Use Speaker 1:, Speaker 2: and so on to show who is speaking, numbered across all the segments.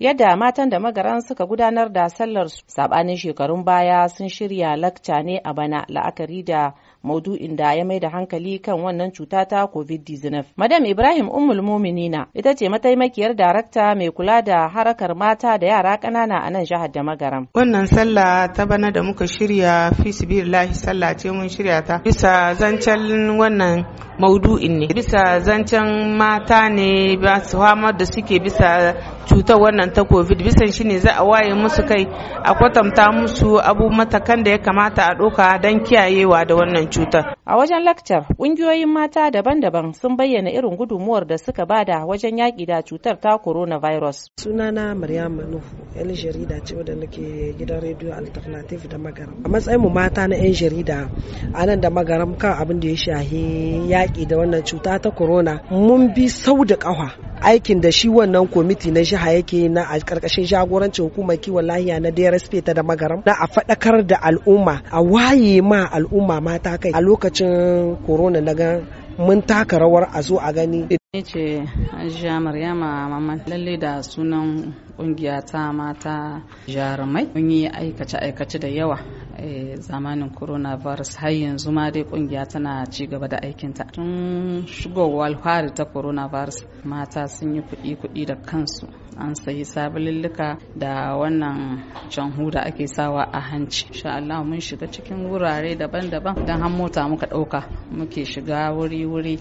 Speaker 1: yadda matan da magaran suka gudanar da sallar sabanin shekarun baya sun shirya lakca ne a bana la'akari da maudu'in da ya mai da hankali kan wannan cuta ta covid-19 madam ibrahim ummul muminina ita ce mataimakiyar darakta mai kula da harakar mata da yara ƙanana a nan jihar da magaram wannan sallah ta bana da muka shirya fi sallah ce mun shirya ta bisa zancen wannan maudu'in ne bisa zancen mata ne ba su da suke bisa cutar wannan nan ta covid bisan shi ne za a waye musu kai a kwatanta musu abu matakan da ya kamata a ɗauka don kiyayewa da wannan cutar a wajen lakcar ƙungiyoyin mata daban-daban sun bayyana irin gudunmuwar da suka bada wajen yaƙi da cutar ta coronavirus
Speaker 2: sunana Maryam nuhu yan jarida ce wadda nake gidan rediyo alternative da magaram a matsayin mu mata na yan
Speaker 1: jarida a nan da magaram kan abin da ya shahi yaƙi da wannan cuta ta corona mun bi sau da ƙafa aikin da shi wannan kwamiti na jiha yake na a karkashin jagorancin hukumar kiwon lahiya na DRS ta da magaram na a faɗakar da al'umma a waye ma al'umma mata kai a lokacin corona na gan mun taka rawar a zo a gani ni ce
Speaker 2: ajiya maryama Mamman lalle da sunan kungiya ta mata jarumai mun yi aikace-aikace da yawa Eh, zamanin Corona Virus har yanzu ma dai kungiya tana ci gaba da aikinta tun shigowar fari ta Corona Virus mata sun yi kuɗi-kuɗi da kansu an sayi sabulilluka da wannan canhu da ake sawa a hanci insha Allah mun shiga cikin wurare daban-daban don har mota muka ɗauka muke shiga wuri-wuri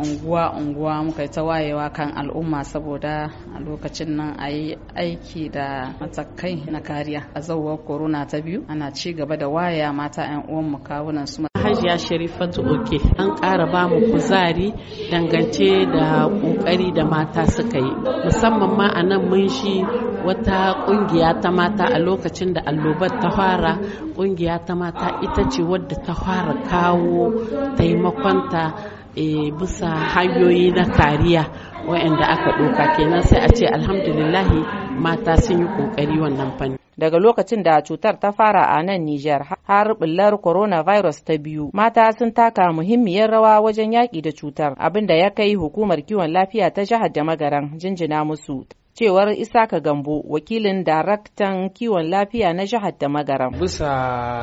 Speaker 2: unguwa-unguwa muka yi ta wayewa kan al'umma saboda a lokacin nan a yi aiki da matakai na kariya a zauwar corona ta biyu ana ci gaba da waya mata 'yan uwan mu kawunan su hajiya
Speaker 1: sharifatu oke an ƙara ba mu kuzari
Speaker 2: dangance da ƙoƙari da
Speaker 1: mata suka yi musamman ma a nan mun shi wata ƙungiya ta mata a lokacin da allobar ta fara ƙungiya ta mata ita ce wadda ta fara kawo taimakonta e, bisa hanyoyi na kariya waɗanda aka doka kenan sai a ce alhamdulillahi mata sun yi kokari wannan fanni daga lokacin da cutar ta fara a nan Nijar har bullar coronavirus ta biyu mata sun taka muhimmiyar rawa wajen yaƙi da cutar abinda ya kai hukumar kiwon lafiya ta jihar da magaran jinjina musu cewar isaka gambo wakilin daraktan kiwon
Speaker 3: lafiya na jihar da magaram bisa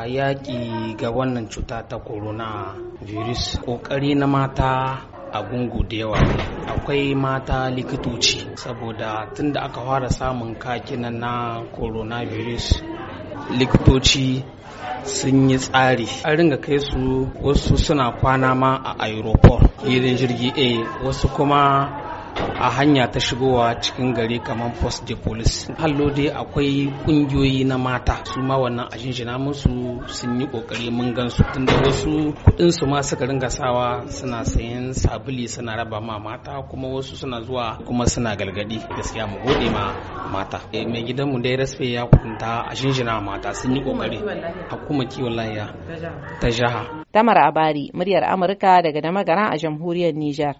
Speaker 3: yaƙi ga wannan cuta ta corona virus ƙoƙari na mata a gungu da yawa akwai mata likitoci saboda tun da aka fara samun kakinan na coronavirus likitoci sun yi tsari an ringa kai su wasu suna kwana ma a aeroport filin jirgi a wasu kuma a hanya ta shigowa cikin gari kamar post de police hallo dai akwai kungiyoyi na mata su ma wannan a jinjina musu sun yi kokari mun gan su tunda wasu kudin su ma suka ringa sawa suna sayan sabuli suna raba ma mata kuma wasu suna zuwa kuma suna galgadi gaskiya mu gode ma mata eh, mai gidanmu dai rasfe ya kunta a jinjina mata sun yi kokari a kuma kiwon lafiya ta jaha
Speaker 1: tamar abari muryar amurka daga damagara a jamhuriyar nijar